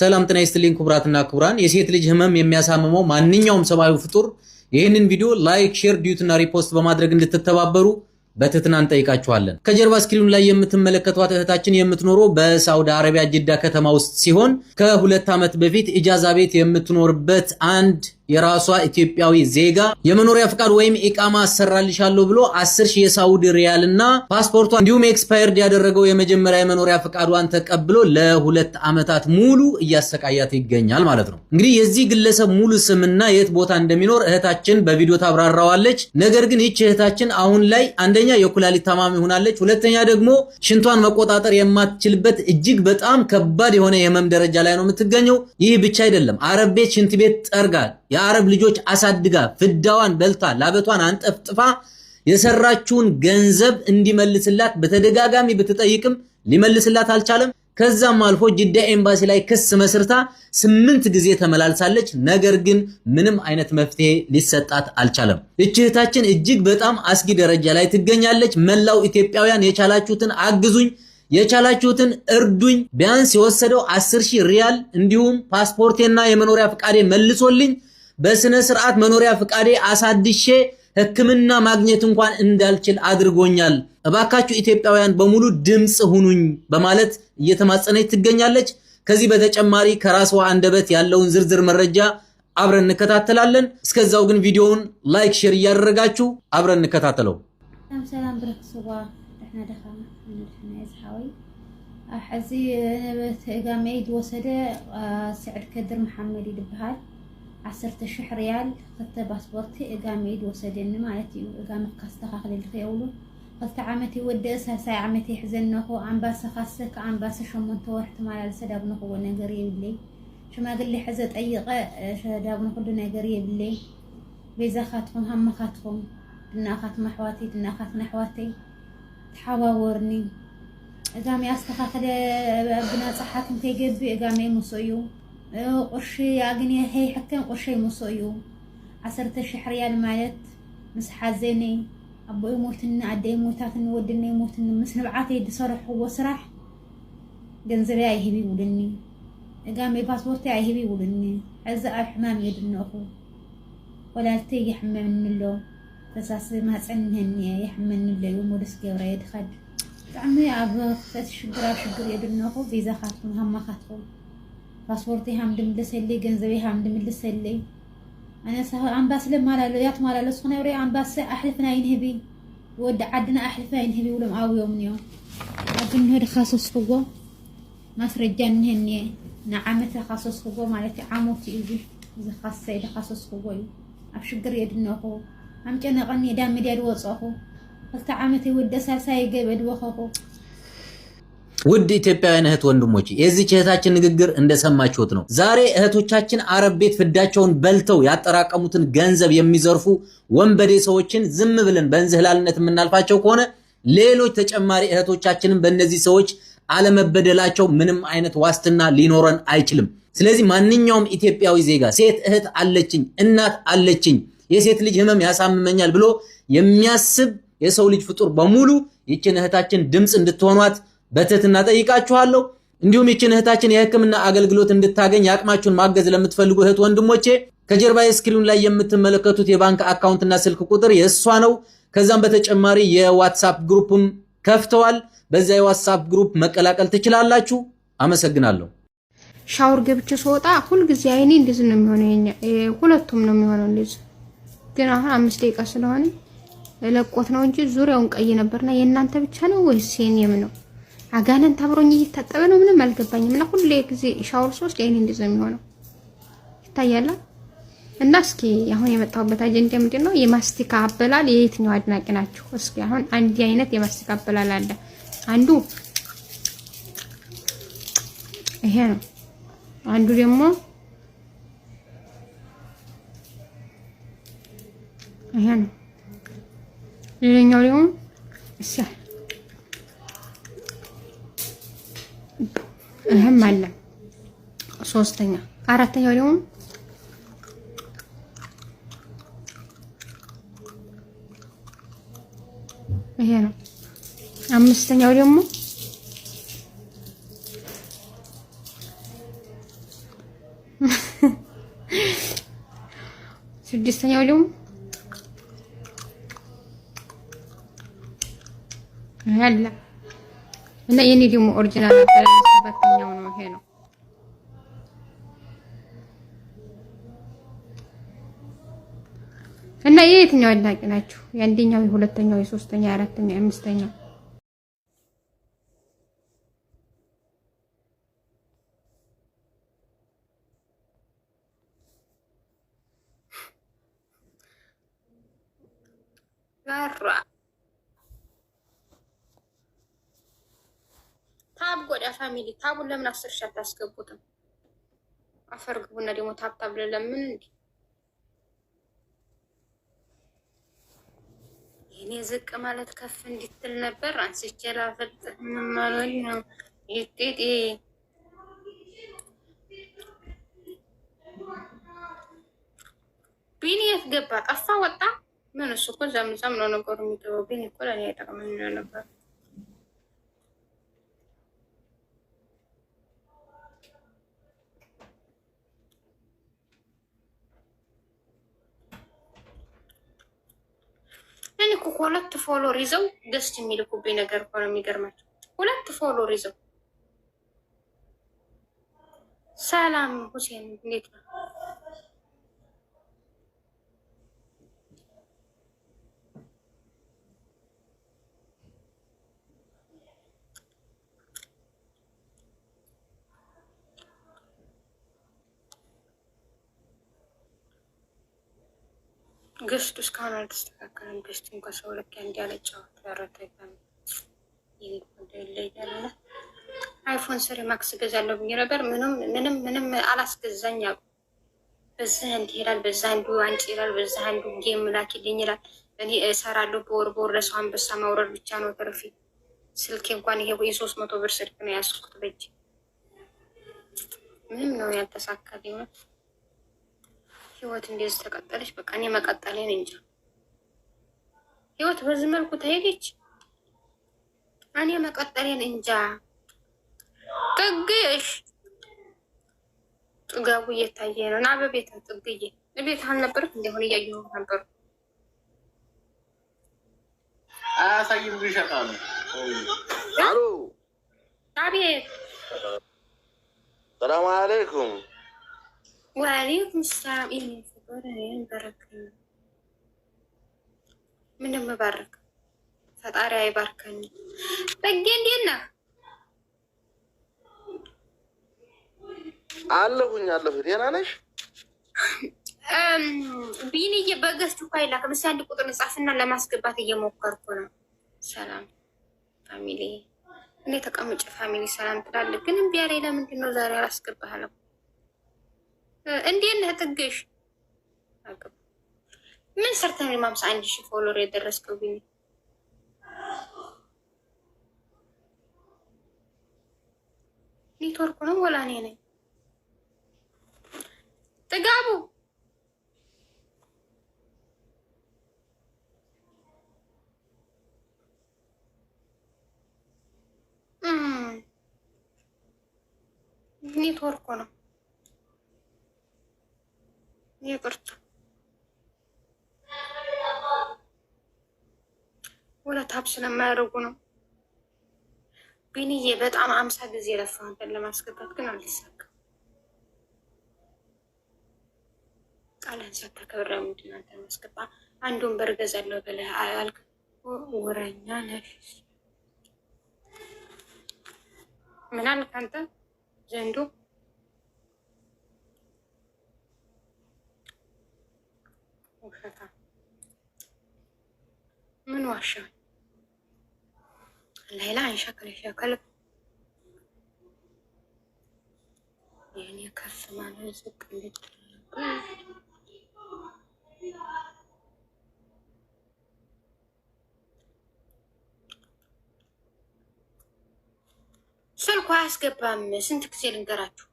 ሰላም ጤና ይስጥልኝ ክቡራትና ክቡራን። የሴት ልጅ ህመም የሚያሳምመው ማንኛውም ሰብአዊ ፍጡር ይህንን ቪዲዮ ላይክ፣ ሼር፣ ዲዩትና ሪፖስት በማድረግ እንድትተባበሩ በትህትና እንጠይቃችኋለን። ከጀርባ ስክሪኑ ላይ የምትመለከቷት እህታችን የምትኖረው በሳውዲ አረቢያ ጅዳ ከተማ ውስጥ ሲሆን ከሁለት ዓመት በፊት ኢጃዛ ቤት የምትኖርበት አንድ የራሷ ኢትዮጵያዊ ዜጋ የመኖሪያ ፍቃድ ወይም ኢቃማ አሰራልሻለሁ ብሎ 10 ሺህ የሳውዲ ሪያል እና ፓስፖርቷ እንዲሁም ኤክስፓየርድ ያደረገው የመጀመሪያ የመኖሪያ ፍቃዷን ተቀብሎ ለሁለት ዓመታት ሙሉ እያሰቃያት ይገኛል ማለት ነው። እንግዲህ የዚህ ግለሰብ ሙሉ ስምና የት ቦታ እንደሚኖር እህታችን በቪዲዮ ታብራራዋለች። ነገር ግን ይች እህታችን አሁን ላይ አንደኛ የኩላሊት ታማሚ ሆናለች፣ ሁለተኛ ደግሞ ሽንቷን መቆጣጠር የማትችልበት እጅግ በጣም ከባድ የሆነ የህመም ደረጃ ላይ ነው የምትገኘው። ይህ ብቻ አይደለም፣ አረብ ቤት ሽንት ቤት ጠርጋል የአረብ ልጆች አሳድጋ ፍዳዋን በልታ ላበቷን አንጠፍጥፋ የሰራችውን ገንዘብ እንዲመልስላት በተደጋጋሚ ብትጠይቅም ሊመልስላት አልቻለም። ከዛም አልፎ ጅዳ ኤምባሲ ላይ ክስ መስርታ ስምንት ጊዜ ተመላልሳለች። ነገር ግን ምንም አይነት መፍትሄ ሊሰጣት አልቻለም። እች እህታችን እጅግ በጣም አስጊ ደረጃ ላይ ትገኛለች። መላው ኢትዮጵያውያን የቻላችሁትን አግዙኝ፣ የቻላችሁትን እርዱኝ። ቢያንስ የወሰደው አስር ሺህ ሪያል እንዲሁም ፓስፖርቴና የመኖሪያ ፈቃዴ መልሶልኝ በስነ ስርዓት መኖሪያ ፍቃዴ አሳድሼ ሕክምና ማግኘት እንኳን እንዳልችል አድርጎኛል። እባካችሁ ኢትዮጵያውያን በሙሉ ድምፅ ሁኑኝ በማለት እየተማጸነች ትገኛለች። ከዚህ በተጨማሪ ከራስዋ አንደበት ያለውን ዝርዝር መረጃ አብረን እንከታተላለን። እስከዛው ግን ቪዲዮውን ላይክ፣ ሼር እያደረጋችሁ አብረን እንከታተለው። ሰላም ብረክስዋ ሕዚ ተጋመይ ስዕድ ከድር መሓመድ ይድበሃል عشرة شح ريال خدت باسبورتي إقام عيد وسدني مالتي إقام كاستخاخلي الخيولو قلت عمتي ودي اسها ساي عمتي حزنه عم باس خاصك عم باس شمون توحت مال السدا بنه هو نقري بلي شو ما لي حزت اي غا شدا بنه كله نقري بلي بيزا خاتهم هم خاتهم دنا خات محواتي دنا خات نحواتي تحاورني اذا مي استخاخد ابنا صحاتهم تيجي بي اذا مصيو ቁርሺ ኣግኒ ሀይ ሕከም ቁርሸይ ሙሶ እዩ ዓሰርተ ሽሕ ርያል ማለት ምስ ሓዘኒ ኣቦይ ሞትኒ ኣደይ ሞታትን ወድነይ ሞትኒ ምስ ንብዓተይ ዝሰርሕዎ ስራሕ ገንዘበይ ኣይሂብ ይውልኒ እጋመይ ፓስፖርተይ ኣይሂብ ይውልኒ ሕዚ ኣብ ሕማም እየ ድነኹ ወላልተይ ይሕመምኒ ኣሎ ፈሳሲ ማፀንህኒ ይሕመኒ ኣሎ እዩ ሞደስ ገብረ የድኸድ ብጣዕሚ ኣብ ክፈት ሽግር ኣብ ሽግር እየ ድነኹ ቪዛ ካትኩም ሃማ ካትኩም ፓስፖርት አምድምልስልኝ ገንዘቤ አምድምልስልኝ أنا سه أنباس لما لا ليات ما لا لسخنا يوري أنباس أحلف ناين هبي ود عدنا أحلف ناين هبي ولم أو يوم من يوم لكن هذا خاصص خبو ما سرجان هني نعمة خاصص خبو مالتي عموتي إيجي إذا خاص سيد خاصص خبو أبشقر يدنا خو أم كان غني دام ديال عمتي ود ውድ ኢትዮጵያውያን እህት ወንድሞች የዚች እህታችን ንግግር እንደሰማችሁት ነው። ዛሬ እህቶቻችን አረብ ቤት ፍዳቸውን በልተው ያጠራቀሙትን ገንዘብ የሚዘርፉ ወንበዴ ሰዎችን ዝም ብለን በእንዝህላልነት የምናልፋቸው ከሆነ ሌሎች ተጨማሪ እህቶቻችንም በእነዚህ ሰዎች አለመበደላቸው ምንም አይነት ዋስትና ሊኖረን አይችልም። ስለዚህ ማንኛውም ኢትዮጵያዊ ዜጋ ሴት እህት አለችኝ፣ እናት አለችኝ፣ የሴት ልጅ ህመም ያሳምመኛል ብሎ የሚያስብ የሰው ልጅ ፍጡር በሙሉ ይችን እህታችን ድምፅ እንድትሆኗት በትህትና ጠይቃችኋለሁ። እንዲሁም ይችን እህታችን የህክምና አገልግሎት እንድታገኝ የአቅማችሁን ማገዝ ለምትፈልጉ እህት ወንድሞቼ ከጀርባ የስክሪኑ ላይ የምትመለከቱት የባንክ አካውንትና ስልክ ቁጥር የእሷ ነው። ከዛም በተጨማሪ የዋትሳፕ ግሩፕም ከፍተዋል። በዚያ የዋትሳፕ ግሩፕ መቀላቀል ትችላላችሁ። አመሰግናለሁ። ሻወር ገብቼ ስወጣ ሁልጊዜ አይኔ እንደዚህ ነው የሚሆነው። ሁለቱም ነው የሚሆነው እንደዚህ ግን አሁን አምስት ደቂቃ ስለሆነ ለቆት ነው እንጂ ዙሪያውን ቀይ ነበርና የእናንተ ብቻ ነው ወይስ የኔም ነው? አጋነን ታብሮኝ እየታጠበ ነው። ምንም አልገባኝም። እና ሁሌ ጊዜ ሻወር ሶስት አይኔ እንደዚህ የሚሆነው ይታያል። እና እስኪ አሁን የመጣሁበት አጀንዳ ምንድን ነው? የማስቲካ አበላል የየትኛው አድናቂ ናቸው? እስኪ አሁን አንድ አይነት የማስቲካ አበላል አለ። አንዱ ይሄ ነው። አንዱ ደግሞ ይሄ ነው። ሌላኛው ደግሞ ይህም አለ። ሶስተኛ አራተኛው ደግሞ ይሄ ነው። አምስተኛው ደግሞ ስድስተኛው ደግሞ ይሄ አለ። እና የኔ ደግሞ ኦሪጂናል ነበር። ሰባተኛው ነው ይሄ ነው። እና የየትኛው አድናቂ ናችሁ? የአንደኛው፣ የሁለተኛው፣ የሶስተኛው፣ የአራተኛው፣ የአምስተኛው ጋራ ፋሚሊ ታቡን ለምን አስር ሺህ አታስገቡትም? አፈርግቡና ደግሞ ታብታብ ለምን እንዲ እኔ ዝቅ ማለት ከፍ እንዲትል ነበር አንስቼ ላፈጥ ምማለኝ ነው ይጤጤ ቢኒ የት ገባ? ጠፋ ወጣ? ምን እሱ እኮ ዛምዛም ነው ነገሩ የሚገባው። ቢኒ እኮ ለእኔ አይጠቅመኝ ነበር ሁለት ፎሎር ይዘው ደስ የሚልኩብኝ ነገር እኮ ነው የሚገርማቸው። ሁለት ፎሎር ይዘው ሰላም ሁሴን እንዴት ነው? ገስቱ እስካሁን አልተስተካከለም። ገስቱ እንኳ ሰው ልክ አንድ ያለ ጫወት ያረተጋ አይፎን ስሪ ማክስ ገዛለሁ ብዬ ነበር። ምንም ምንም ምንም አላስገዛኝ ያሉ በዛ እንዲህ ይላል፣ በዛ አንዱ አንጭ ይላል፣ በዛ አንዱ ጌም ላኪልኝ ይላል። እኔ እሰራለሁ በወር በወር ለሰው አንበሳ ማውረድ ብቻ ነው ትርፊ። ስልኬ እንኳን ይሄ የሶስት መቶ ብር ስልክ ነው ያስኩት በእጅ ምንም ነው ያልተሳካልኝ። ህይወት እንደዚህ ተቀጠለች፣ በቃ እኔ መቀጠሌን እንጃ። ህይወት በዚህ መልኩ ተሄደች፣ እኔ መቀጠሌን እንጃ። ጥግሽ ጥጋቡ እየታየ ነው። ና በቤታ ጥግዬ፣ ቤት አልነበርክ እንደሆነ እያየሁ ነበር። አያሳይም ብሻቃሉ አሎ፣ አቤት። ሰላም አለይኩም ወአለይኩም ሰላም። ይሄ ፍቅር ይሄን በረክ ምንም መባረክ ፈጣሪ አይባርከኝ። በጌ እንዴት ነህ? አለሁኝ አለሁ። ደህና ነሽ? ቢኒዬ በገዝቱ እኮ አይላክም። አንድ ቁጥር ጻፍና ለማስገባት እየሞከርኩ ነው። ሰላም ፋሚሊ፣ እኔ ተቀምጭ ፋሚሊ ሰላም ትላለህ፣ ግን እምቢ አለኝ። ለምንድን ነው ዛሬ አላስገባህም? እንዴት ነህ ጥገሽ? ምን ሰርተን የማምሳ አንድ ሺህ ፎሎር የደረስከው ግን ኔትወርኩ ነው ወላ እኔ ነኝ? ጥጋቡ ኔትወርኩ ነው። ይቅርታ ሁለት ሀብ ስለማያደርጉ ነው። ቢንዬ በጣም አምሳ ጊዜ የለፋሁበት ለማስገባት ግን አልተሳካም። ቃልህን ሳታከብር ምንድን አንተ ማስገባ አንዱን በርገዝ አለው ብለህ አልክ። ወረኛ ነፊስ ምን አልክ አንተ ዘንዱ ለምን ዋሻ? ሌላ አንሻከል ሻከል የኔ ከፍ ማለ ዝቅ ልድረግ ስልኩ አያስገባም። ስንት ጊዜ ልንገራችሁ?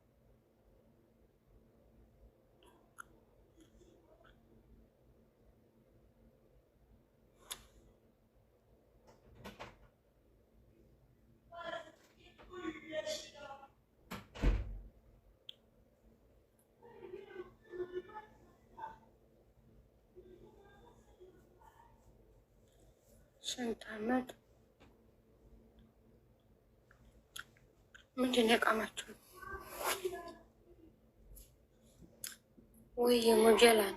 ስንት አመት ምንድን ነው የቃማቸው? ወይ የሞጀላን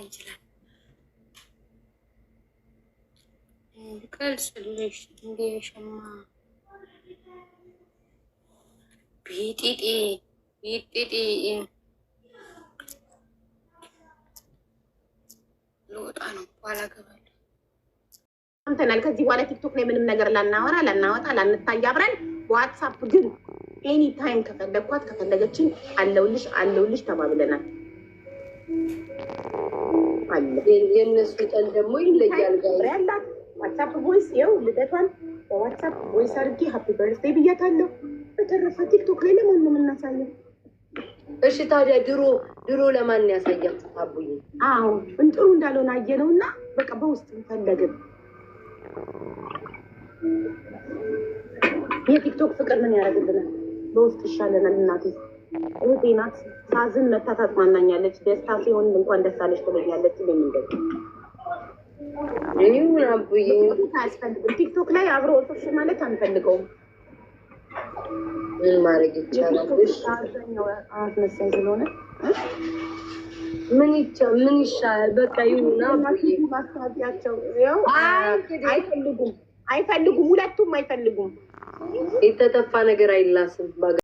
አይችላል ቀልስልሽ እንደ ሸማ ቢጢጢ ቢጢጢ ልወጣ ነው። በኋላ ገባለሁ። ሰምተናል። ከዚህ በኋላ ቲክቶክ ላይ ምንም ነገር ላናወራ፣ ላናወጣ፣ ላንታይ አብረን። ዋትሳፕ ግን ኤኒ ታይም ከፈለግኳት ከፈለገችን አለውልሽ አለውልሽ ተባብለናል። የእነሱ ቀን ደግሞ ይለያል። ያላት ዋትሳፕ ቮይስ ይኸው ልደቷን በዋትሳፕ ቮይስ አድርጌ ሀፒ በርዝዴ ብያታለሁ። በተረፈ ቲክቶክ ላይ ለማንም እናሳለን። እሺ ታዲያ ድሮ ድሮ ለማን ያሳያል? አቡዬ አዎ እንጥሩ እንዳልሆነ አየ ነው እና በቃ በውስጥ ፈለግን። የቲክቶክ ፍቅር ምን ያደርግልናል? በውስጥ ይሻለናል። እናቴ እህቴ ናት። ሳዝን መታ ታጽናናኛለች። ደስታ ሲሆን እንኳን ደስ አለሽ ትለኛለች። ለምንደ አያስፈልግም። ቲክቶክ ላይ አብሮ ወቶች ማለት አንፈልገውም። ምን ማድረግ ይቻላል? አብዛኛው አስመሳይ ስለሆነ ምን ምን ይሻላል? በቃ ይሁና። ማስታወቂያቸው አይፈልጉም አይፈልጉም፣ ሁለቱም አይፈልጉም። የተተፋ ነገር አይላስም።